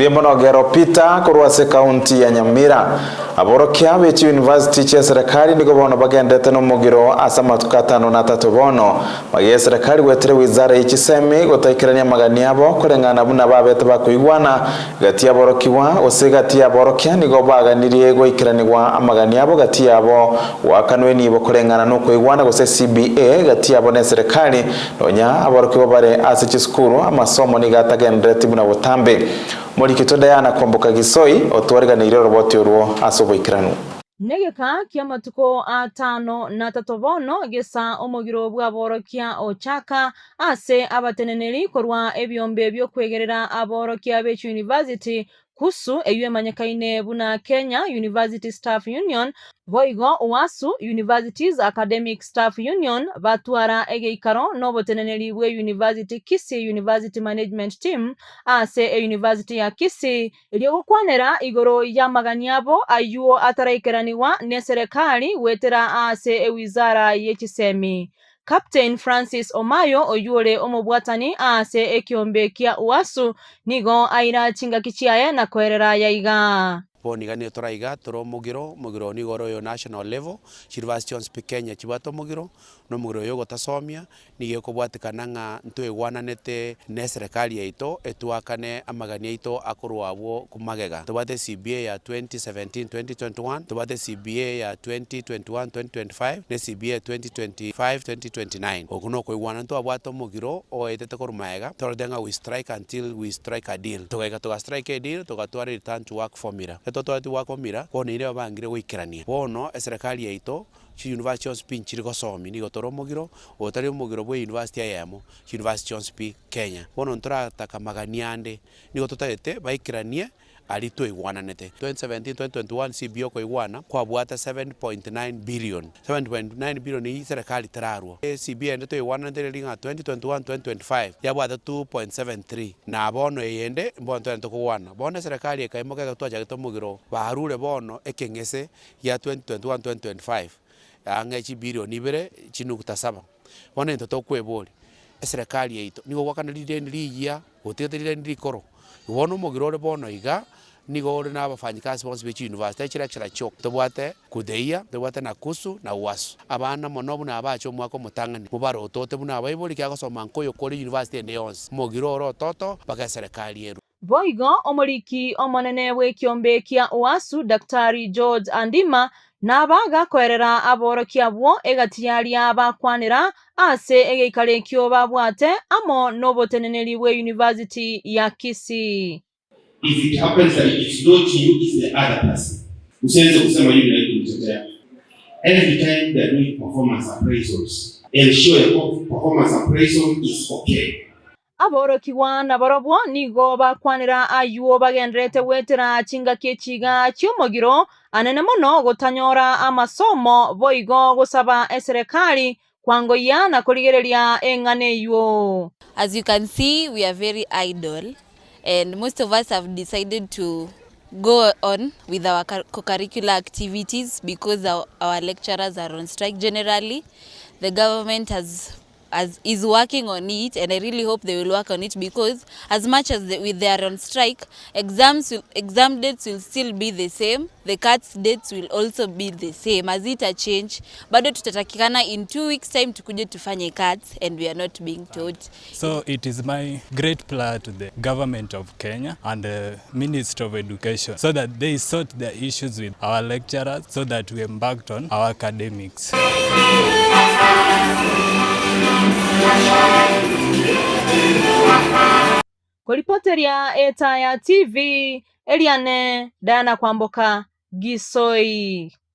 Riembo nogero pita korwase kaunti ya Nyamira aborokia bechi university che serikali nigo bono bagendete mugiro asa matuka atano na tatu bono magiye serikali gwetere wizara y'ichisemi gutaikirania magani yabo kurengana buna babete bakuigwana gati aborokiwa ose gati aborokia nigo baganirie gwikiranirwa amagani yabo gati yabo wakanwe nibo kurengana n'ukuigwana gose CBA gati yabo ne serikali nonya aborokiwa bare asa chisukuru amasomo nigatagendete buna butambe muri kito Diana Kwambuka Gisoi otwariganirie roboti urwo aso boikaranu negeka kia matuko atano na tato bono gesa omogiro bwaborokia ochaka ase abateneneri korwa ebiombe ebyokwegerera aborokia b'echa university kuhusu eyuemanyaikaine buna Kenya University Staff Union boigo wasu Universities Academic Staff Union batwara egeikaro n'oboteneneri bwe University kisi University Management Team ase e University ya Kisii eriogokwanera igoro yamagania abo ayuo ataraikeraniwa ne serikali gwetera ase ewizara y'echisemi Captain Francis Omayo oyuole omobwatani ase ekiombe kia uasu nigo aira chingakichiaya na kwerera yaiga boniganie toraiga toro mugiro mugiro ni goro yo national level university on speak Kenya chibato mugiro no mugiro yo gotasomia ni geko bwatikana nga ntwe wananete ne serikali yaito etuakane amagani yaito akorwa abo kumagega bate CBA ya 2017 2021 bate CBA ya 2021 2025 ne CBA 2025 2029 okuno koigwana ntwa bwato mugiro oetete korumaega torodenga we strike until we strike a deal tugeka tuga strike a deal tugatwara return to work formula eto twati wakomira bono iria babangire goikerania bono eserekari yaito chiyunivasity chionsi pi nchiri gosomi nigo tori omogiro otari omogiro bwa eyunivasity eyemo chiyunivasity chionsi pi kenya bono ntoratakamaganiande nigo totaete baikeranie alitoiguananete 2017-2021 CBO koiguana kwabwata 7.9 billion 7.9 billion ii serikali tirarwo CBO ende toiguananete riringa 2021-2025 yabwata 2.73 na bono eyende bono twene tukugwana bono serikali ekaimo kega twachagete omogiro barure bono ekeng'ese gia 2021-2025 ang'echi bilioni ibere chinukuta saba bono into tokweboria eserikali yaito nigo gwakanirire riyia gotigeterire rikoro iwono mugiro ri bono iga nigo ri na abafanyikazi bonse bechi university echirakchera chio tobwate kudeia tobwate na kusu na uasu abana mono buna abache omwaka omotang'ani mobarotote buna abaibori kia gosoma nkoyo kori university ende yonse mogiro ore ototo mpaka eserekari eru boigo omoriki omonene bwa ekiombe kia uasu daktari george andima naabaga kwerera abooroki abwo egatiyaria bakwanira ase egeikarikio babwate amo n'oboteneneri bwe university ya kisi if it happens that it's not you, it's the other person. kusema Every time they doing performance appraisals, ensure your performance appraisal is okay aborokiwa na barobwo nigo bakwanira ayuo bagenderete gwetera chingaki echiga chia omogiro anene mono gotanyora amasomo boigo gosaba eserikali kwangoya na kurigereria engane yuo as you can see we are very idle and most of us have decided to go on with our co-curricular activities because our, our lecturers are on strike generally the government has as is working on it and I really hope they will work on it because as much as they, with they are on strike exams will, exam dates will still be the same the cuts dates will also be the same hazita change bado tutatakikana in two weeks time tukuje tufanye cuts and we are not being taught so it is my great prayer to the government of Kenya and the Minister of Education so that they sort their issues with our lecturers so that we embarked on our academics kwa ripoti ya Etaya TV, Eliane Dana Kwamboka Gisoi.